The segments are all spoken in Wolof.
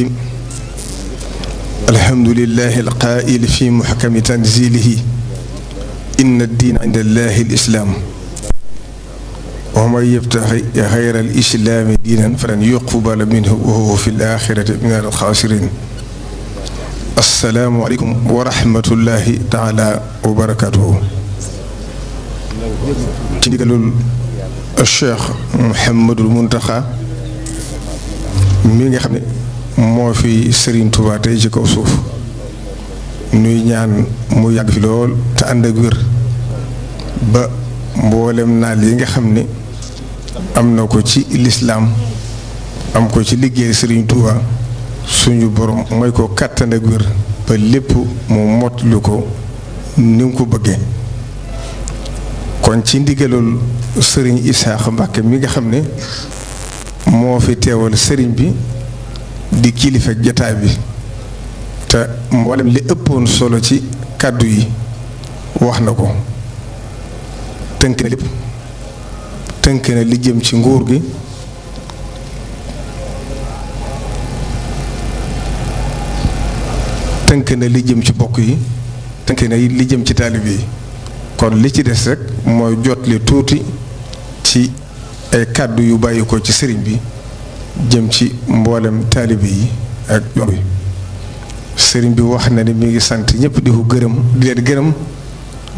الرحيم الحمد لله القائل في محكم تنزيله إن الدين عند الله الإسلام ومن يبتغي غير الإسلام دينا فلن يقبل منه وهو في الآخرة من الخاسرين السلام عليكم ورحمة الله تعالى وبركاته تنقل الشيخ محمد المنتخى mi nga xam ne moo fi sëriñ Touba tey ci kaw suuf nuy ñaan mu yàgg fi lool te ànd ak wér ba mboolem naal yi nga xam ni am na ko ci lislaam am ko ci liggéey sëriñ Touba suñu borom mooy ko kàttan ak wér ba lépp mu mottali ko ni mu ko bëggee kon ci ndigalul sëriñ Isaaxa Mbàkke mi nga xam ne moo fi teewal sëriñ bi. di kilifa jataay bi te mboolem li ëppoon solo ci kàddu yi wax na ko tënk na li jëm ci nguur gi tënk na li jëm ci bokk yi tënk na li jëm ci taalib yi kon li ci des rekk mooy jotle tuuti ci ay kàddu yu bàyyi ko ci sëriñ bi jëm ci mboolem taalibe yi ak yoon yi sëriñ bi wax na ni mu ngi sant ñëpp di ko gërëm di leen gërëm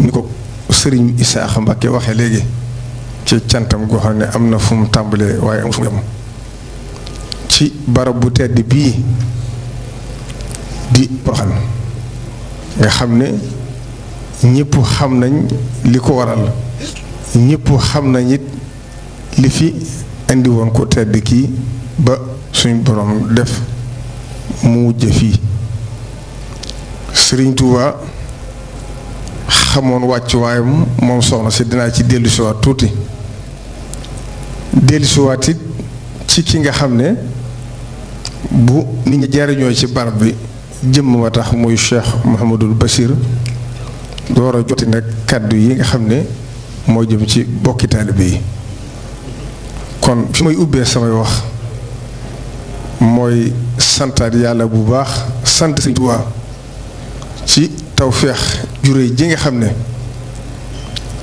ni ko sëriñ Isaaxa Mbàkke waxee léegi ci cantam goo xam ne am na fu mu tàmbalee waaye am fu mu ci barab bu tedd bii di Poroxaan nga xam ne ñëpp xam nañ li ko waral ñépp xam nañ it li fi indi woon ko tedd kii ba suñ borom def mu wujje fii sëriñ Touba xamoon wàccuwaayam moom soxna si dinaa ci dellusiwaat tuuti dellusiwaat it ci ki nga xam ne bu nit ñi jariñoo ci barab bi jëmm ma tax muy Cheikh Mouhamadul Bachir door a joti nag kàddu yi nga xam ne moo jëm ci bokki taalibe yi kon fi may ubbee samay wax mooy santaat yàlla bu baax sant Sëriñ Tuubaa ci tawféex juré ji nga xam ne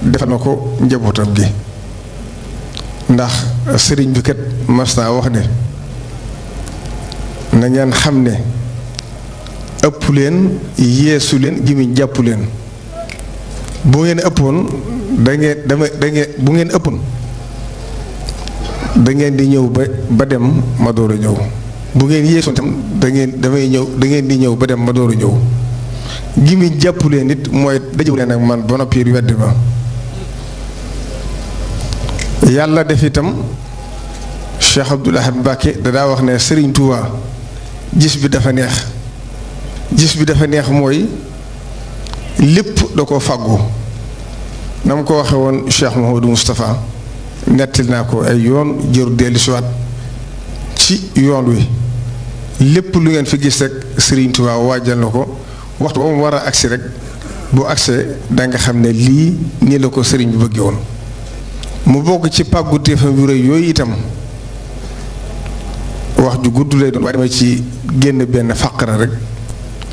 defal na ko njabootam gi ndax sëriñ bi kat wax ne na ngeen xam ne ëpp leen yéesu leen gimiñ jàpp leen boo ngeen ëppoon da dama da bu ngeen ëppoon da ngeen di ñëw ba ba dem ma door ñëw bu ngeen yéesoon tam dangeen damay ñëw da ngeen di ñëw ba dem ma dooru ñëw gi muy jàppulee nit mooy dajewu leen ak man ba noppi wedd ma yàlla def itam Cheikh Abdoul Ahad Mbacké wax ne sëriñ Touba gis bi dafa neex gis bi dafa neex mooy lépp da ko fàggu na mu ko waxee woon Cheikh Mouhamadou Moustapha nettali naa ko ay yoon jëru dellusiwaat ci yoon wi lépp lu ngeen fi gis rek Serigne Touba waajal na ko waxtu ba war a agsi rek bu agsee danga xam ne lii nii la ko sëriñ bi bëggee woon mu bokk ci pàggu téefam yu rëy yooyu itam wax ju gudd lay doon waaye dama ci génn benn faqara rek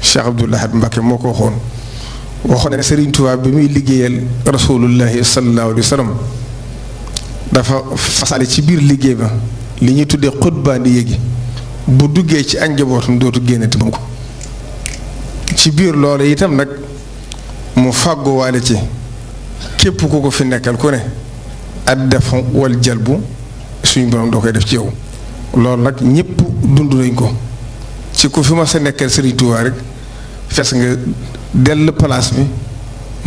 Cheikh Abdoul Ahad Mbacké moo ko waxoon waxoon ne Serigne Touba bi muy liggéeyal rasulullahi sallallahu dafa fasale ci biir liggéey ba. li ñuy tuddee xutbaani yéegi bu duggee ci ak njabootam dootu génnati moom ko ci biir loolu itam nag mu fàgguwaale ci képp ku ko fi nekkal ku ne ad defa wal jalbu suñu borom doo koy def ci yow loolu nag ñëpp dund nañ ko ci ku fi ma sa nekkal Serigne Touba rek fes nga dell palaas bi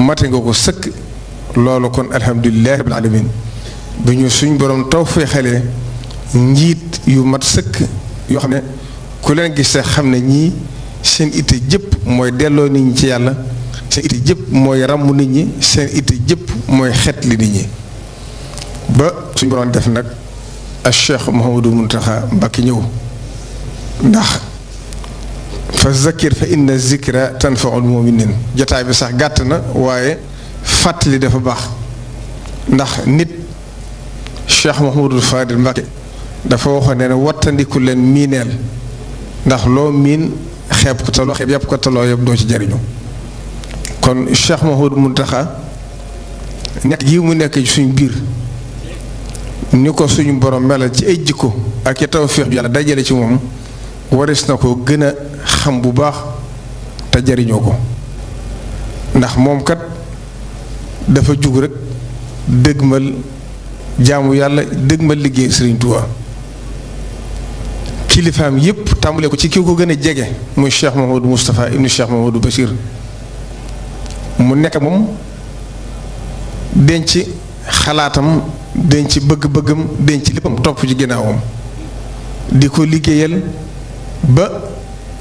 mate nga ko sëkk loolu kon alhamdulilahi rabbil alamin bi ñu suñ borom taw fee xalee njiit yu mat sëkk yoo xam ne ku leen gis te xam ne ñii seen itte jëpp mooy delloo nit ñi ci yàlla seen itte jëpp mooy ràmm nit ñi seen itte jëpp mooy xet li nit ñi ba suñ borom def nag a cheikh Mouhamadou Mountakha Mbacké ñëw ndax fa zakir fa inna zikra tanfaul muminin jotaay bi sax gàtt na waaye fàttali dafa baax ndax nit cheikh Mouhamadou Fadil Mbacké dafa waxoon ne wattandiku leen miineel ndax loo miin xeeb ko taloo xeeb doo ci jariñoo kon Cheikh Mahmoud taxa nekk gi mu nekk suñ biir ni ko suñu borom melal ci ay jikko ak ci tawféex bi yàlla dajale ci moom waris na ko gën xam bu baax te jariñoo ko ndax moom kat dafa jug rek dëgmal jaamu yàlla dëgmal liggéey Sëriñ Tuubaa kilifaam yëpp tàmbale ko ci ki ko gën a jege muy Cheikh Mahamadou Moustapha ibnu Cheikh Mahamadou Bachir mu nekk moom denc xalaatam denc bëgg-bëggam denc léppam topp ci ginnaawam di ko liggéeyal ba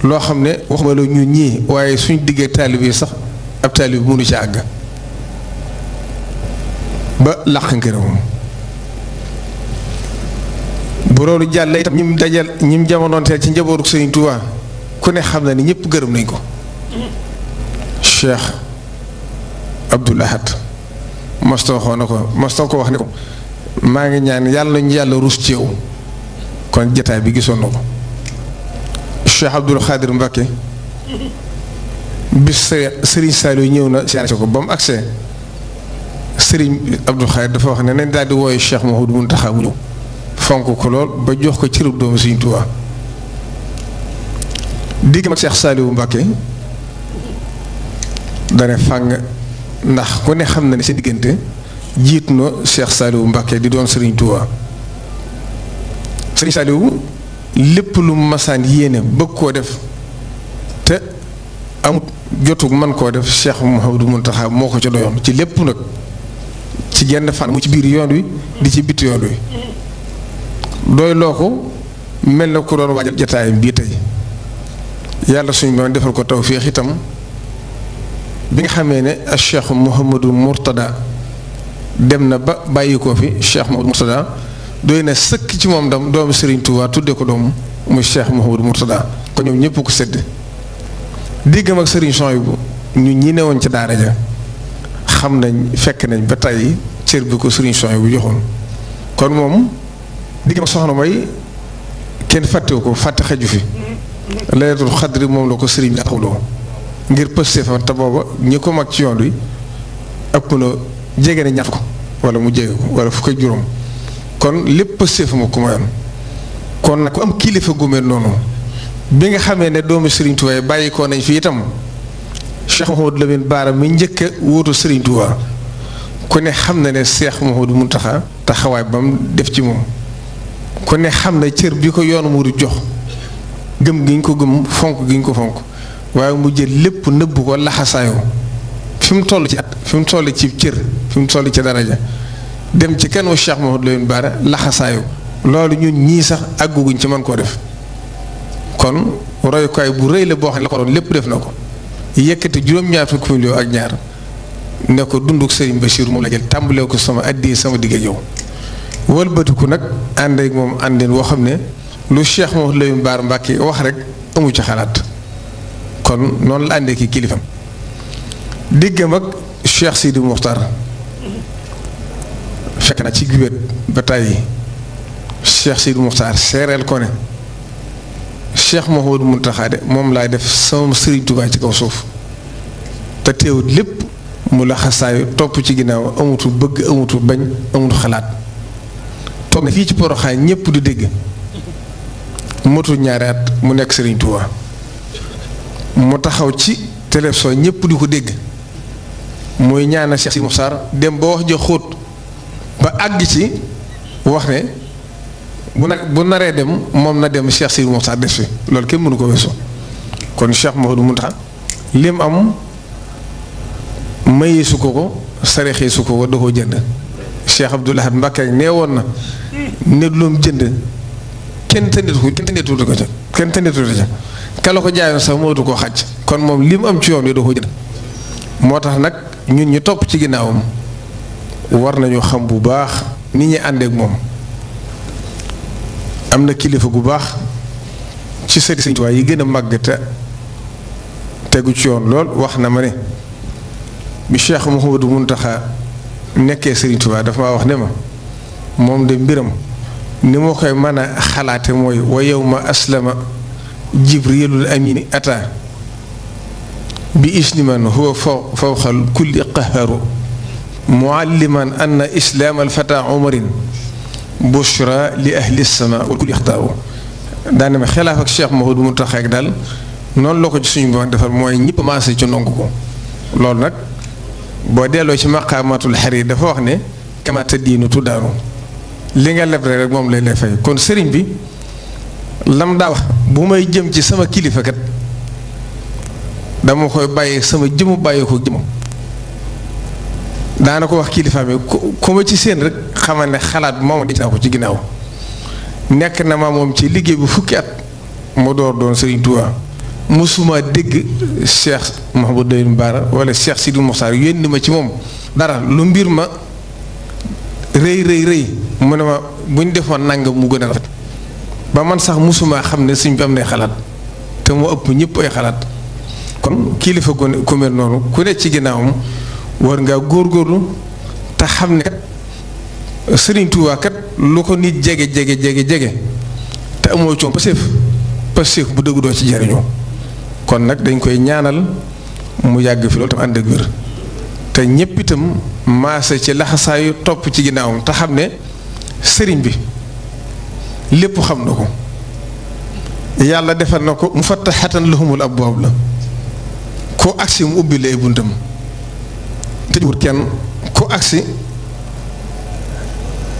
loo xam ne waxuma la ñun ñii waaye suñ diggee taalib yi sax ab taalib mënu ci àgg ba làq ngërëmam bu loolu jàllee itam ñim dajal ñim jamonoonteel ci njabootu Sëriñ Tuubaa ku ne xam na ni ñëpp gërëm nañ ko Cheikh Abdoul Ahad masta waxoo na ko masta ko wax ne ko maa ngi ñaan yàlla ñu yàlla rus ci yow kon jataay bi gisoon na ko Cheikh Abdoul Khadir Mbacké bis Serigne Saliou ñëw na siyaare ko ba mu agsee Serigne Abdoul Khadir dafa wax ne nañ daal di wooyu Cheikh du Mountakha mu ñëw fonk ko lool ba jox ko cërub doomu Sëriñ Tuubaa digg mag Seex Saaliwu Mbàkke dane fàng ndax ku ne xam na ne seen diggante jiit na Seex Saaliwu Mbàkke di doon Sëriñ Tuubaa Sëriñ Saaliwu lépp lu masaan yéene bëgg koo def te amut jotug man koo def Cheikh Mouhamadou Mountakha moo ko ca doyoon ci lépp nag ci genn fan mu ci biir yoon wi di ci bitt yoon wi doy loo mel na ku doon waajal jataayam bii tey yàlla suñu borom defal ko taw tawféex itam bi nga xamee ne ak cheikh Mouhamadou Mourtada dem na ba bàyyi koo fi cheikh Mouhamadou Mourtada doy na sëkk ci moom dam doomu Serigne Touba tuddee ko doom muy cheikh Mouhamadou Mourtada ko ñoom ñëpp ko sédd diggam ak Serigne Souhaïbou ñu ñi ne woon ci daara ja xam nañ fekk nañ ba tey cër bi ko Serigne Souhaïbou joxoon kon moom. diggam soxna mooy kenn fàttewu ko fàtte xaju fi laylatul xadri moom la ko sëriñ bi taxawloo ngir pëste fa te booba ñi ko mag ci yoon wi ëpp na jege na ñaar ko wala mu jege ko wala fukk ak juróom kon lépp pëste fa mu ko mayoon kon nag ku am kilifa gu mel noonu bi nga xamee ne doomu Serigne Touba bàyyi ko nañ fi itam Cheikh Mouhamadou Lamine Bara mi njëkk a wóotu Serigne Touba ku ne xam na ne Cheikh Mouhamadou Mountakha taxawaay ba mu def ci moom. ku ne xam na cër bi ko yoonu murid jox gëm gi ñu ko gëm fonk gi ñu ko fonk waaye mu jël lépp nëbbu ko laxasaayoo fi mu toll ci at fi mu ci cër fi mu toll ci daraja dem ci kenn wu Cheikh Mouhamadou Lamine Bara loolu ñun ñii sax àgguguñ ci mën koo def kon royukaay bu rëy la boo xam ne la lépp def na ko yëkkati juróom-ñaar fukki million ak ñaar ne ko dunduk Serigne Bachir moom la jël tàmbalee ko sama addi sama digg yow. wëlbatiku nag ànd ak moom àndeen woo xam ne lu Cheikh Mouhamadou Lamine Bara wax rek amu ci xalaat kon noonu la àndee ki kilifam diggam ak Cheikh Sidi Moukhtar fekk na ci gubét ba tàyyi Cheikh Sidi Moukhtar seereel ko ne Cheikh Mouhamadou Mountakha de moom laay def sama Serigne Touba ci kaw suuf te teewut lépp mu la topp ci ginnaaw amutu bëgg amutu bañ amutu xalaat toog fii ci Porokhane ñëpp du dégg motul ñaari at mu nekk Serigne Touba mu taxaw ci télévision ñëpp du ko dégg muy ñaana Cheikh Si Moussar dem ba wax ja xóot ba àgg ci wax ne bu nag bu naree dem moom na dem Cheikh Si Moussar def fi loolu kenn mënu ko weesu kon Cheikh Mouhamadou Mountakha lim am mayeesu ko ko sarexeesu ko ko da jënd. Cheikh Abdoul Ahad Mbacké nee woon na ne loom jënd kenn tëndeetu ko kenn tëndeetu ko ca kenn tëndeetu ko ca kala ko jaayoon sax moo du ko xaj kon moom li mu am ci yoon wi da ko jënd moo tax nag ñun ñi topp ci ginnaawam war nañu xam bu baax ni ñi àndeek moom am na kilifa gu baax ci sëriñ Sëriñ yi gën a màgg te tegu ci yoon lool wax na ma ne bi Cheikh Mouhamadou Mountakha nekkee Serigne Touba dafa maa wax ne ma moom de mbiram ni ma koy mën a xalaate mooy wa yawma aslama jibrilul amini ata bi isliman huwa fawqal kulli qaharu mualliman anna islaam alfata umarin bushra li ahli sama wa kulli ixtaaru daane ma xilaaf ak Cheikh Mahmoud mu tax ak daal noonu la ko ci suñu bo defar mooy ñëpp maase ci nonk ko loolu nag boo delloo ci maqaamatul yi dafa wax ne kamata diinu tuddaaru li nga lebre rek moom lay lay fay kon sëriñ bi lam daa wax bu may jëm ci sama kilifa kat dama koy bàyyi sama jëmu bàyyi ko jëmam daana ko wax kilifa bi ku ma ci seen rek xamal ne xalaat moom di ko ci ginnaaw nekk na ma moom ci liggéey bi fukki at mu door doon sëriñ Tuubaa mësuma dégg Cheikh Mouhamadou Lamine Bara wala Cheikh Sidi Moukhtar yónni ma ci moom dara lu mbir ma rëy rëy rëy mu ne ma bu ñu defoon nangam mu gën a rafet ba man sax mësuma xam ne suñ bi am nay xalaat te moo ëpp ñëpp ay xalaat kon kilifa ku mel noonu ku ne ci ginnaawam war ngaa góorlu te xam ne kat Serigne Touba lu ko nit jege jege jege jege te amoo coom pasef pasef bu dëgg doo ci jariñoo kon nag dañ koy ñaanal mu yàgg fi loolu tam ànd ak wér te ñépp itam maase ci laxasaayu topp ci ginnaawam te xam ne sëriñ bi lépp xam na ko yàlla defal na ko mu fattaxatan lahumul boobu la ku agsi mu ubbi la ay buntam tëjuwut kenn ku agsi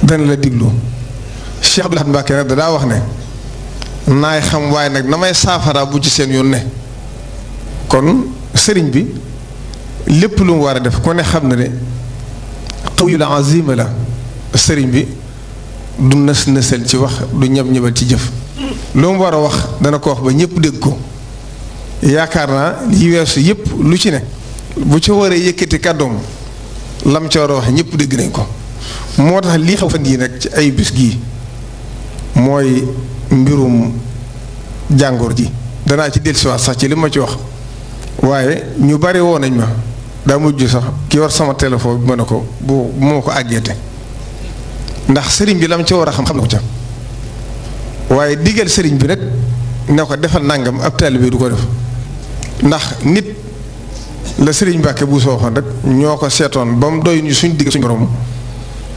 dana la diglu Cheikh Abdoul Ahad Mbacké nag da daa wax ne naay xam waaye nag na may saafara bu ci seen yoon ne kon sëriñ bi lépp lu mu war a def ku ne xam na ne xawul azima la sëriñ bi du nës nësal ci wax du ñab ñabal ci jëf lu mu war a wax dana ko wax ba ñëpp dégg ko yaakaar naa li weesu yëpp lu ci ne bu ci waree yëkkati kàddoom lam ci war a wax ñëpp dégg nañ ko moo tax lii xaw fan yii nag ci ay bis gii mooy mbirum jàngoor ji danaa ci dellusiwaat sax ci li ma ci wax waaye ñu bari woo nañ ma daa mujj sax ki yor sama téléphone bi ma ne ko bu moo ko àggeete ndax sëriñ bi la mu ca war a xam xam na ko ca waaye diggal sëriñ bi rek ne ko defal nangam ab taalibe du ko def ndax nit la sëriñ Mbàkke bu sooxoon rek ñoo ko seetoon ba mu doy ñu suñ digg suñ boroom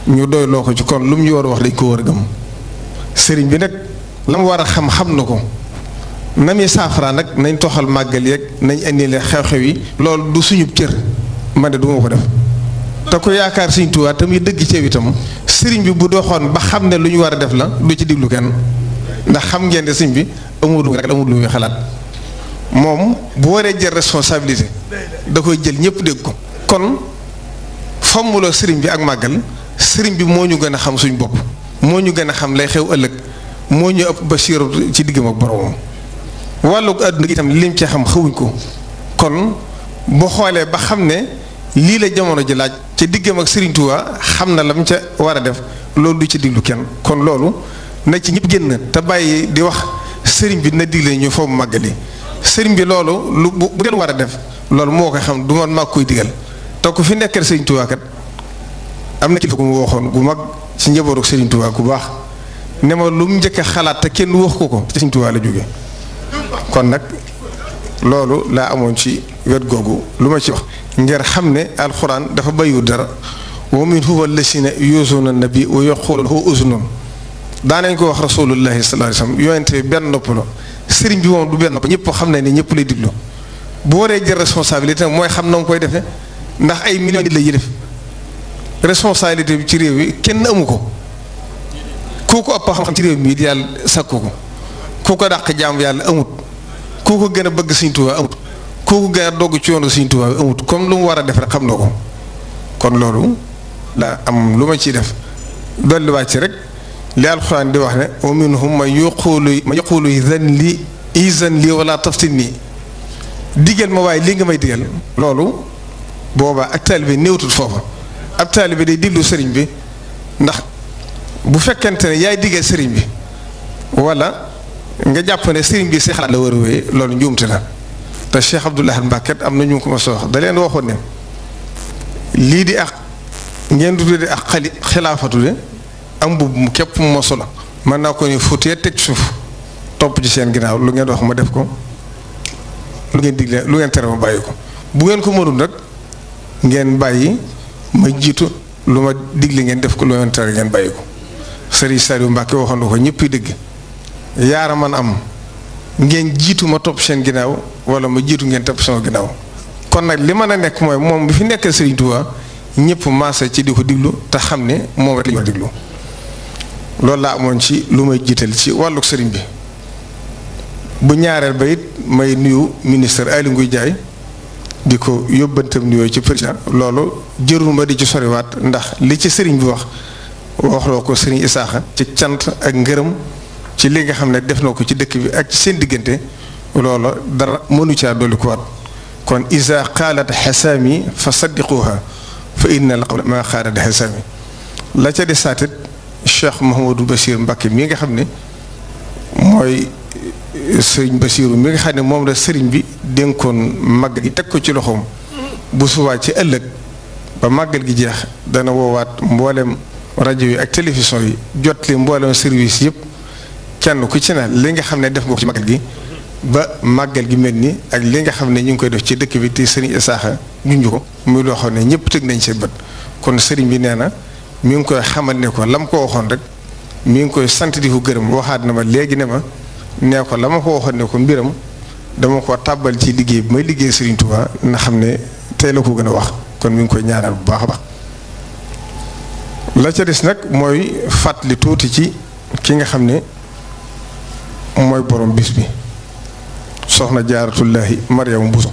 ñu doy loo ko ci kon lu mu ñu war a wax dañ ko war a gëm sëriñ bi nag la mu war a xam xam na ko. na muy saafara nag nañ toxal màggal yeeg nañ indile xew-xew yi lool du suñu cër ma ne duma ko def te ko yaakaar suñ tuwaat tam yi dëgg ceeb itam sëriñ bi bu doxoon ba xam ne lu ñu war a def la du ci diglu kenn ndax xam ngeen ne sëriñ bi amul rek amul lu muy xalaat moom bu waree jël responsabilité da koy jël ñëpp dégg ko kon fommuloo sëriñ bi ak màggal sëriñ bi moo ñu gën a xam suñ bopp moo ñu gën a xam lay xew ëllëg moo ñu ëpp ba siiru ci diggam ak boromam wàllug àdduna gi itam lim ci xam xawuñ ko kon bu xoolee ba xam ne lii la jamono ji laaj ca diggam ak sëriñtuwaa xam na lam ca war a def loolu du ci diglu kenn kon loolu na ci ñëpp génn te bàyyi di wax sëriñ bi na digle ñu foofu màggali sëriñ bi loolu lu bu ngeen war a def loolu moo ko xam du man maa koy digal te ku fi nekkal Serigne am na kilifa gu mu waxoon gu mag ci njabooru Serigne Touba ku baax ne ma lu mu njëkk xalaat te kenn wax ko ko Serigne Touba la jóge kon nag loolu laa amoon ci wet googu lu ma ci wax ngir xam ne alxuraan dafa bayu dara mu wa min huwa lasina yuusuuna nabi wa yaquuluuna huwa uzunun daanañ ko wax rasulullahi sallallahu alayhi wasallam yonente benn nopp la sëriñ bi moom du benn nopp ñëpp xam nañ ne ñëpp lay diglu bu waree jël responsabilité mooy xam na mu koy defee ndax ay millions la yi def responsabilité bi ci réew yi kenn amu ko kooku ëpp xam-xam ci réew mi yàlla sakku ko ku ko dàq jaam yàlla amut koo ko gën a bëgg Sëriñ Tuubaa amut koo ko gën a dogg ci yoonu Sëriñ Tuubaa amut comme lu mu war a def rek xam na ko kon loolu daa am lu ma ciy def dolliwaat ci rek li alxuraan di wax ne ma minhum man yaquulu man yaquulu izan li izan li wala nii digal ma waaye li nga may digal loolu boobaa ak taalibe néewtul foofa ab taalibe day diglu sëriñ bi ndax bu fekkente ne yaay digal sëriñ bi wala nga jàpp ne sëriñ bi si xalaat la war a wéy loolu njuumte la te Cheikh Abdoul Ahad Mbacké am na ñu ko ma soo wax leen waxoon ne lii di ak ngeen du di ak xali xilaafatu de am bu mu képp mu ma mën naa ko ne fuutee teg suuf topp ci seen ginnaaw lu ngeen wax ma def ko lu ngeen digle lu ngeen tere ma bàyyi ko bu ngeen ko mënul nag ngeen bàyyi ma jiitu lu ma digle ngeen def ko lu ngeen tere ngeen bàyyi ko sëriñ Saliou Mbacké waxoon na ko ñëpp dégg yaara man am ngeen jiitu ma topp seen ginnaaw wala ma jiitu ngeen topp sama ginnaaw kon nag li mën a nekk mooy moom bi fi nekkal Serigne Touba ñëpp maasa ci di ko diglu te xam ne moom rek la ñu diglu loolu laa amoon ci lu may jiital ci wàllug sëriñ bi bu ñaareel ba it may nuyu ministre Aly Ngouille jaay di ko yóbbantam nuyoo ci président loolu jërul ma di ci soriwaat ndax li ci sëriñ bi wax waxloo ko sëriñ Isaaxa ci cant ak ngërëm ci li nga xam ne def na ko ci dëkk bi ak ci seen diggante loolo dara mënu caa dolli ko waat kon isa qaalat xasaami fa saddiquha fa inna al qawla ma xaalat la ca de saatit cheikh mahamadou basir mbakke mi nga xam ne mooy sëriñ basiru mi nga xam ne moom la sëriñ bi dénkoon màgg gi teg ko ci loxoom bu subaa ci ëllëg ba màggal gi jeex dana woowaat mboolem rajo yi ak télévision yi jot mboolem service yëpp kenn ku ci ne li nga xam ne def nga ko ci màggal gi ba màggal gi mel ni ak li nga xam ne ñu ngi koy def ci dëkk bi te sëriñ Isaaxa junj ko muy loo xam ne ñëpp tëg nañ seen bët kon sëriñ bi nee na mi ngi koy xamal ne ko la mu ko waxoon rek mu ngi koy sant di ko gërëm waxaat na ma léegi ne ma nee ko la ma ko waxoon ne ko dama ko tàbbal ci liggéey bi may liggéey sëriñ Touba na xam ne tey la ko gën a wax kon mi ngi koy ñaanal bu baax a baax la ca des nag mooy fàttali tuuti ci ki nga xam ne mooy borom bis bi soxna jaaratullahi Mariama Buso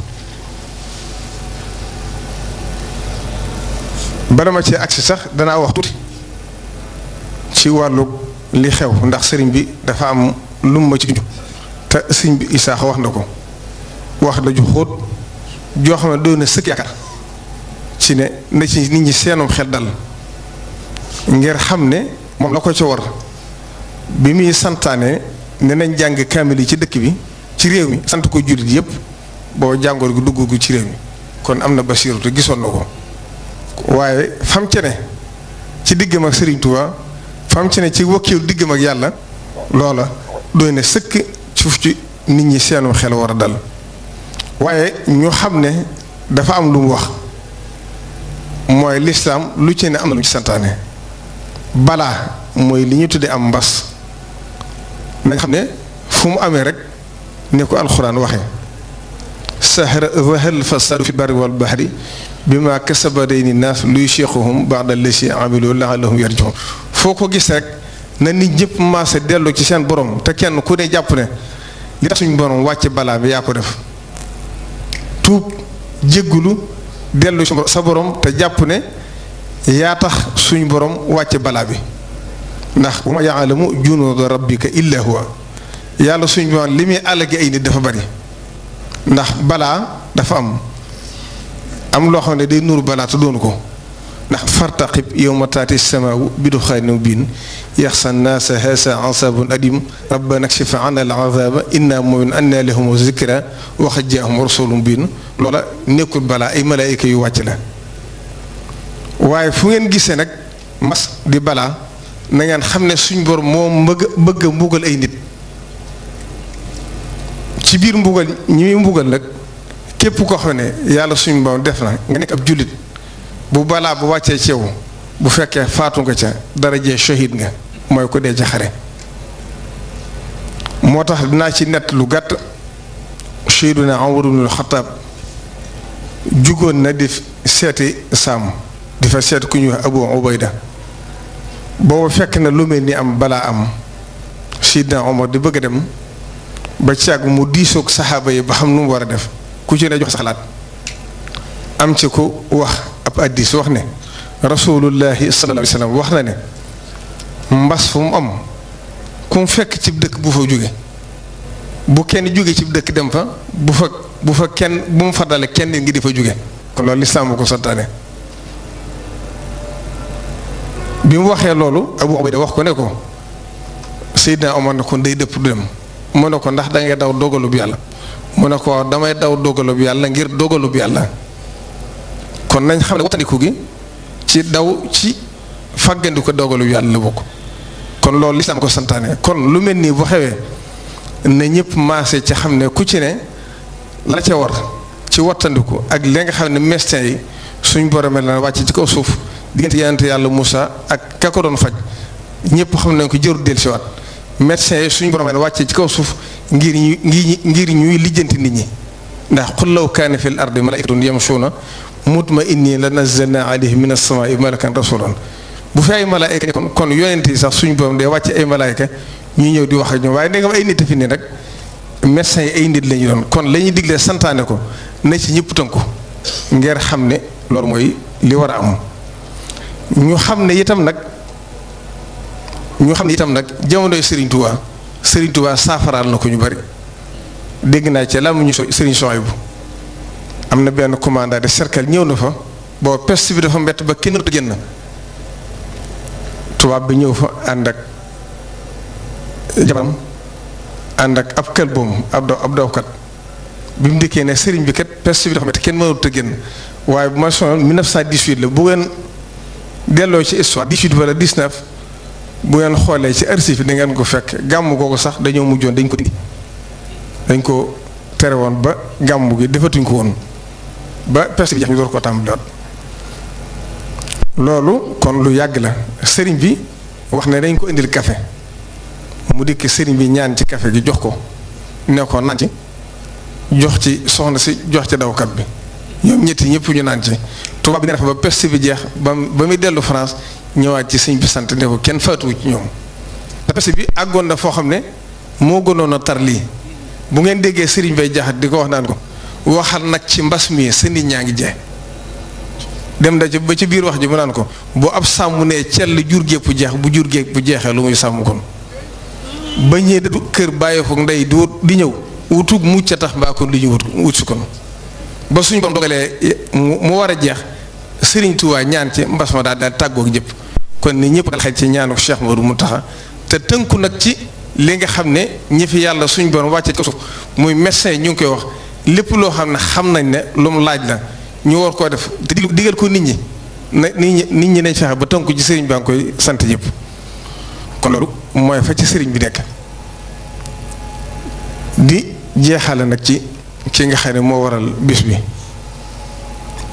bala ma ci agsi sax danaa wax tuuti ci wàllu li xew ndax sëriñ bi dafa am lum ma ci ju te sëriñ bi Isaax wax na ko wax la ju xóot joo ne doon na sëkk yaakaar ci ne na ci nit ñi seenum xel dal ngir xam ne moom la ko ca war bi muy santaane ne nañ jàng kaamil yi ci dëkk bi ci réew mi sant ko jullit yëpp boo jàngoor gi dugg ci réew mi kon am na Basiiru te gisoon na ko waaye fam ci ne ci diggam ak Serigne Touba fam ci ne ci wakkiilu diggam ak yàlla loola doy na sëkk suuf ci nit ñi seenum xel war a dal waaye ñu xam ne dafa am lu mu wax mooy lislaam lu ci ne am na lu ci santaane balaa mooy li ñu tuddee am mbas nañ xam ne fu mu amee rek ne ko alxuraan waxee saxara zahal fasadu fi barri wal baxri bima kasaba dayni naas luy cheikhuhum baada lesi amilu laallahum yarjuhum foo ko gis rek na nit ñëpp maase dellu ci seen boroom te kenn ku ne jàpp ne li tax suñu borom wàcce balaa bi yaa ko def tuub jéggulu dellu sa borom te jàpp ne yaa tax suñu boroom wàcce balaa bi ndax wa ma yaalamu junuuda rabbika illa huwa yàlla suñu boon li muy àll ay nit dafa bari ndax balaa dafa am am loo xam ne day nuur balaa te doonu ko ndax fartaqib yawma taati samaawu bi duxaanin mubiin yaxsa naasa haasa asaabun adim rabbana kshif anna al azaaba inna mumin anna lahum zikra wa qad jaahum rasulun mubiin loola nekkul balaa ay malaayika yu wàcc la waaye fu ngeen gisee nag mas di balaa na xam ne suñ bor moo bëgg bëgg a mbugal ay nit ci biir mbugal ñi muy mbugal nag képp koo xam ne yàlla suñ bor def na nga nekk ab jullit bu balaa bu wàccee ci bu fekkee faatu nga ca darajee shahid nga mooy ko dee ca moo tax dinaa ci nett lu gàtt Seydina Umar ibnul Xattaab jugoon na di seeti Saam di fa seet ku ñuy Abu Ubayda boobu fekk na lu may ni am balaa am sidna Omar di bëgg a dem ba càgg mu diisoog saxaaba yi ba xam nu mu war a def ku ci ne jox sa xalaat am ci ku wax ab addis wax ne rasulullahi sallallahu alayhi wasallam wax na ne mbas fu mu am ku mu fekk ci dëkk bu fa jóge bu kenn jóge ci dëkk dem fa bu fa bu fa kenn bu mu fa dale kenn ngi di fa jóge kon loolu lislaam bu ko santaane bi mu waxee loolu Abu Ubayda wax ko ne ko Seydina Omar ne ko day dëpp du dem mu ne ko ndax dangay daw dogalub yàlla mu ne ko damay daw dogalub yàlla ngir dogalub yàlla kon nañ xam ne wattandiku gi ci daw ci fàggandiku ko dogalub yàlla la bokk kon loolu lislaam ko santaane kon lu mel nii bu xewee ne ñëpp maase ci xam ne ku ci ne la ca war ci wattandiku ak li nga xam ne mestin yi suñ boromee la wàcc ci kaw suuf diggante yonent yàlla Moussa ak ka doon faj ñëpp xam nañ ko jëru dellusiwaat médecins yi suñu borom wàccee ci kaw suuf ngir ñu ngir ñuy lijjanti nit ñi ndax qul law kaana fil ardi malaa'ikatun yamshuuna mutma'inniina lanazzalnaa alayhim mina samaa'i malakan rasuulan bu fi ay malaayka nekkoon kon yonent yi sax suñu borom day wàcce ay malaayka ñu ñëw di wax ak ñoom waaye ndegam ay nit a fi nii rek médecins yi ay nit la ñu doon kon la ñuy diglee santaane ko na ci ñëpp tënku ngir xam ne loolu mooy li war a am. ñu xam ne itam nag ñu xam ne itam nag jamonoy Serigne Touba Serigne Touba na ko ñu bari dégg naa ci làmmiñu Serigne Souhaïbou am na benn commandant de cercle ñëw na fa booba peste bi dafa ba kenn dootu génn tubaab bi ñëw fa ànd ak jabaram ànd ak ab kël boobu ab daw ab dawkat bi mu ndikkee ne Serigne bi kat peste bi dafa mbett kenn mënut a génn waaye bu ma sonal 1918 la bu delloo ci histoire 18 wala 19 bu ngeen xoolee ci archive da ngeen ko fekk gàmm googu sax dañoo mujjoon dañ ko di dañ ko tere woon ba gàmm gi defatuñ ko woon ba peste bi jax ñu door koo tàmbaliwaat loolu kon lu yàgg la sëriñ bi wax ne dañ ko indil café mu dikk sëriñ bi ñaan ci café gi jox ko ne ko naan ci jox ci soxna si jox ci dawkat bi ñoom ñetti ñëpp ñu naan ci tubaab bi nga def ba peste bi jeex ba ba muy dellu France ñëwaat ci siñ bi sant ne ko kenn faatuwu ci ñoom te peste bi àggoon na foo xam ne moo gënoon a tar lii bu ngeen déggee sëriñ bay jaxat di ko wax naan ko waxal nag ci mbas mi sa nit ñaa ngi jeex dem da ci ba ci biir wax ji mu naan ko boo ab sàmm ne cell jur gépp jeex bu jur gépp bu jeexee lu muy sàmm kon ba ñee ñëwee kër bàyyi ko ndey di ñëw wutug mucc a tax mbaa kon li ñu wut wut si kon ba suñ borom dogalee eh, mu war a jeex Serigne Touba ñaan ci mbas ma daal daal tàggoog jëpp kon ni ñëpp dal xaj ci ñaanu Cheikh Modou Mountakha te tënku nag ci li nga xam ne ñi fi yàlla suñ bon wàcce ko suuf muy médecin ñu ngi koy wax lépp loo xam ne xam nañ ne lu mu laaj la ñu war koo def te digal ko nit ñi na nit ñi nit ñi nañ fexe ba tënku ci Serigne baa ngi koy sant ñëpp kon loolu mooy fa ci Serigne bi nekk di jeexale nag ci. ki nga xam ne moo waral bis bi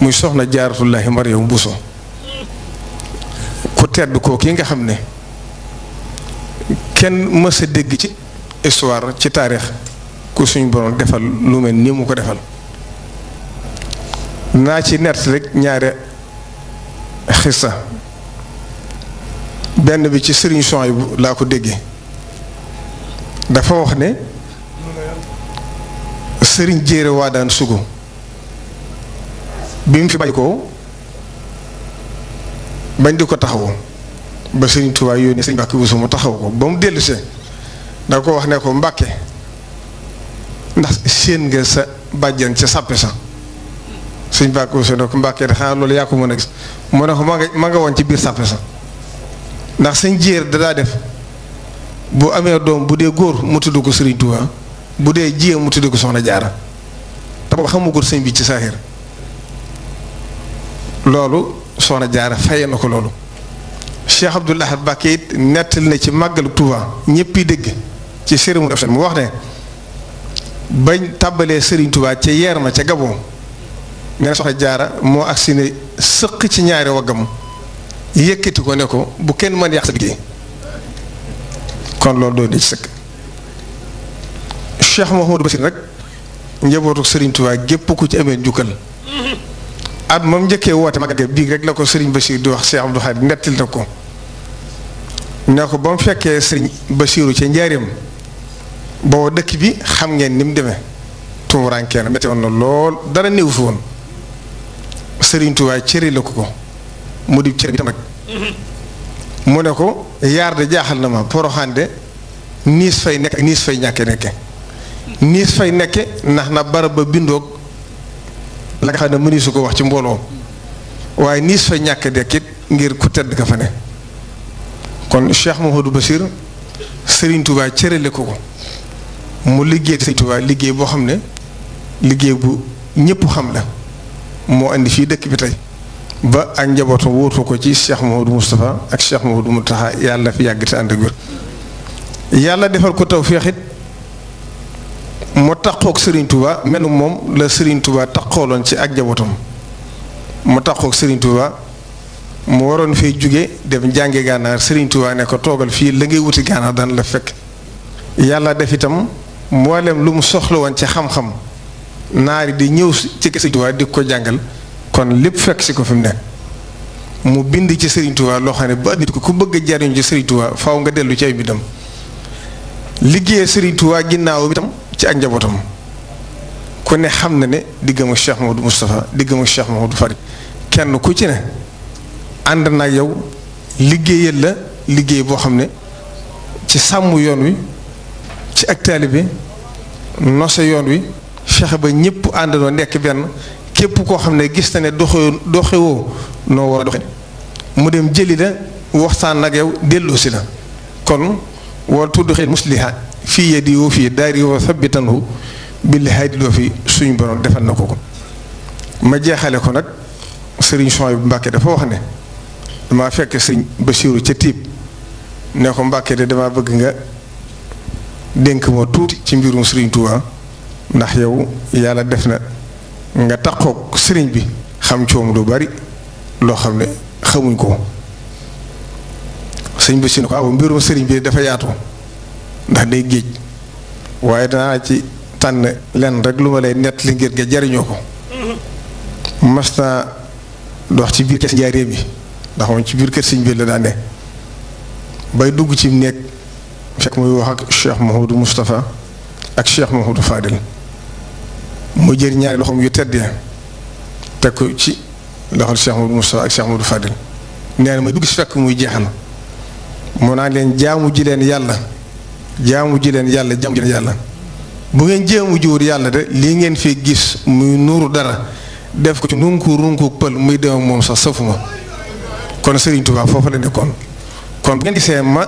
muy soxna jaaratullahi Mariam Bousso ku tedd koo ki nga xam ne kenn mës a dégg ci histoire ci taarix ku suñu borom defal lu mel ni mu ko defal naa ci nett rek ñaare xissa benn bi ci sëriñ son yi laa ko déggee dafa wax ne sëriñ jéere waa daan sugu bi mu fi bàyyi ko bañ di ko taxawu ba sëriñ Tuubaa yónni sëriñ Mbàkke Buso mu taxaw ko ba mu dellusee da ko wax ne ko Mbàkke ndax séen nga sa bàjjan ca sàppe sa sëriñ Mbàkke Buso ne ko Mbàkke de xanaa loolu yaa ko mën a gis mu ne ko ma nga ma nga woon ci biir sàppe sa ndax sëñ jéer dalaa def bu amee doom bu dee góor mu tudd ko sëriñ Tuubaa bu dee jiyee mu tuddee ko soxna jaara te boobu xamu ko sëñ bi ci saaxir loolu soxna jaara faye na ko loolu Cheikh Abdoul Ahad Mbacké it nettali na ci màggalu Touba ñëpp dégg ci cérémonie officielle mu wax ne bañ tàbbalee Serigne tubaa ca yeer ma ca Gabon nee na soxna jaara moo agsi ne sëq ci ñaari waggam yëkkati ko ne ko bu kenn mën yàq sa liggéey kon loolu doo dee ci sëkk Cheikh Mouhamadou Bassir nag njabootu Serigne Touba gépp ku ci amee njukkal at moom njëkkee woote ma magal bii rek la ko sëriñ Bassir di wax Cheikh Abdou Khadre nettil na ko ne ko ba mu fekkee Serigne Bassirou ca njaareem boo dëkk bi xam ngeen ni mu demee tumuraanke na metti woon na lool dara néew fi woon Serigne cëri la ko ko mu di cër bi tam nag mu ne ko yaar de jaaxal na ma poroxaan de niis fay nekk ak niis fay ñàkke nekke niis fay nekke ndax na barab ba bindoog la nga xam ne mëni su ko wax ci mbooloo waaye niis fay ñàkk dekkit ngir ku tedd ka fa ne kon Cheikh Mouhamadou Bachir Serigne Touba cërale ko ko mu liggéey Serigne Touba liggéey boo xam ne liggéey bu ñépp xam la moo indi fii dëkk bi tey ba ak njabootam wóotu ko ci Cheikh Mouhamadou Moustapha ak Cheikh mu Mountakha yàlla fi yàgg te ànd ak wér yàlla defal ko tawféex it mu taqoog Serigne Touba melu moom la Serigne Touba taqooloon ci ak jabotam mu taqoog Serigne Touba mu waroon fee jóge dem jàngi gànnaar Serigne Touba ne ko toogal fii li ngay wuti gànnaar daan la fekk yàlla def itam mboolem lu mu soxla woon ci xam-xam naari di ñëw ci Serigne Touba di ko jàngal kon lépp fekk si ko fi mu ne mu bind ci Serigne Touba loo xam ne ba nit ko ku bëgg a jariñu ci Serigne faw nga dellu ci ay bidam liggéeyee Serigne Touba ginnaaw bi ci ak njabootam ku ne xam na ne diggam ak Cheikh Mahamadou Moustapha diggam ak Cheikh du fari kenn ku ci ne ànd naa yow liggéeyal la liggéey boo xam ne ci sàmm yoon wi ci ak taalibe nose yoon wi fexe ba ñëpp àndandoo nekk benn képp koo xam ne gis na ne doxewoo noo war a doxe mu dem jëli la waxtaan ak yow delloosi la kon war tudd xëy musliha fii yadi wa fii daari wa sabbitanhu bil haadi doo fi suñu borom defal na ko ko ma jeexale ko nag sëriñ Souhaïbou Mbàkke dafa wax ne damaa fekk sëriñ Basiiru ca tiib ne ko Mbàkke de damaa bëgg nga dénk ma tuuti ci mbirum sëriñ Tuubaa ndax yow yàlla def na nga takkook sëriñ bi xam coom lu bari loo xam ne xamuñ ko sëriñ Basiiru ne ko aw ah, mbirum sëriñ bi dafa yaatoo ndax day géej waaye danaa ci tànn lenn rek lu ma lay nett li ngir nga jariñoo ko mas dox ci biir kër jaaréem yi ndax moom ci biir kër sëñ bi la daa bay dugg ci nekk fekk muy wax ak Cheikh Mahoudou Moustapha ak Cheikh Mahoudou Fadel mu ñaari loxoom yu tedd teg ko ci loxol Cheikh Mahoudou Moustapha ak Cheikh Mahoudou Fadel nee na may dugg si fekk muy jeex na naa leen jaamu ji leen yàlla jaamu ji leen yàlla jaamu ji leen yàlla bu ngeen jéemu jiwut yàlla de lii ngeen fi gis muy nuuru dara def ko ci nunku runku pël muy dem moom sax safuma kon Serigne Touba foofu la nekkoon kon bu ngeen gisee ma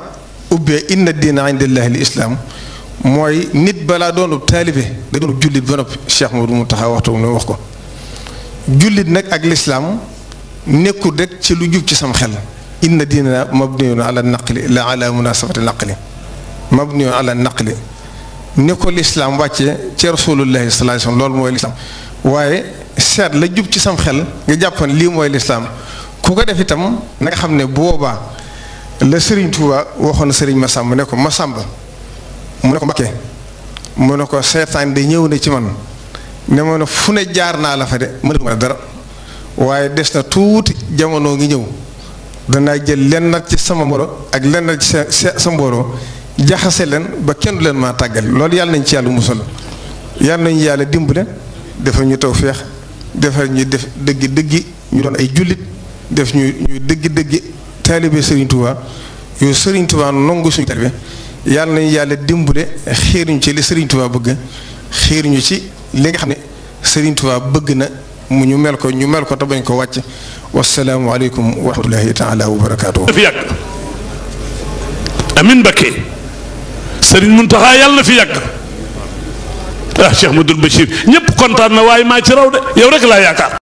ubbee inna diina indallahi li islaam mooy nit balaa doonub taalibe da doonub jullit ba noppi mu taxaw waxtu mu wax ko jullit nag ak lislaam nekkul rek ci lu jub ci sam xel inna diina mabniyun ala naqli la ala naq li mabniun naq li ni ko lislaam wàccee ci rasulullahi sallallahu alayhi loolu mooy lislaam waaye seet la jub ci sam xel nga jàppoon lii mooy lislaam ku ko def itam na nga xam ne boobaa la Serigne Touba waxoon sëriñ Massamba ne ko Massamba mu ne ko Mbakke mu ne ko seetaan de ñëw na ci man ne fu ne jaar naa la fa de mënuma dara waaye des na tuuti jamono ngi ñëw danaa jël lennat ci sama mbooloo ak lennat ci sa sa mbooloo jaxase leen ba kenn leen maa tàggal loolu yàlla nañ ci yàlla musal yàlla nañu yàlla dimbale defal ñu taw feex defal ñu def dëgg dëgg ñu doon ay jullit def ñu ñuy dëgg dëgg taalibe Serigne Touba yow sëriñtuwaa Touba nongu suñu taalibe yàlla nañu yàlla dimbale xiiruñu ci li Serigne Touba bëgg xiiruñu ci li nga xam ne Serigne Touba bëgg na mu ñu mel ko ñu mel ko te bañ ko wàcc wasalaamualeykum wa rahmatulahi taala wa barakaatu. amiin Mbakke. Serigne Mountakha yàlla na fi yàgg ah Cheikh Madou Bachir ñëpp kontaan na waaye maa ci raw de yow rek laa yaakaar.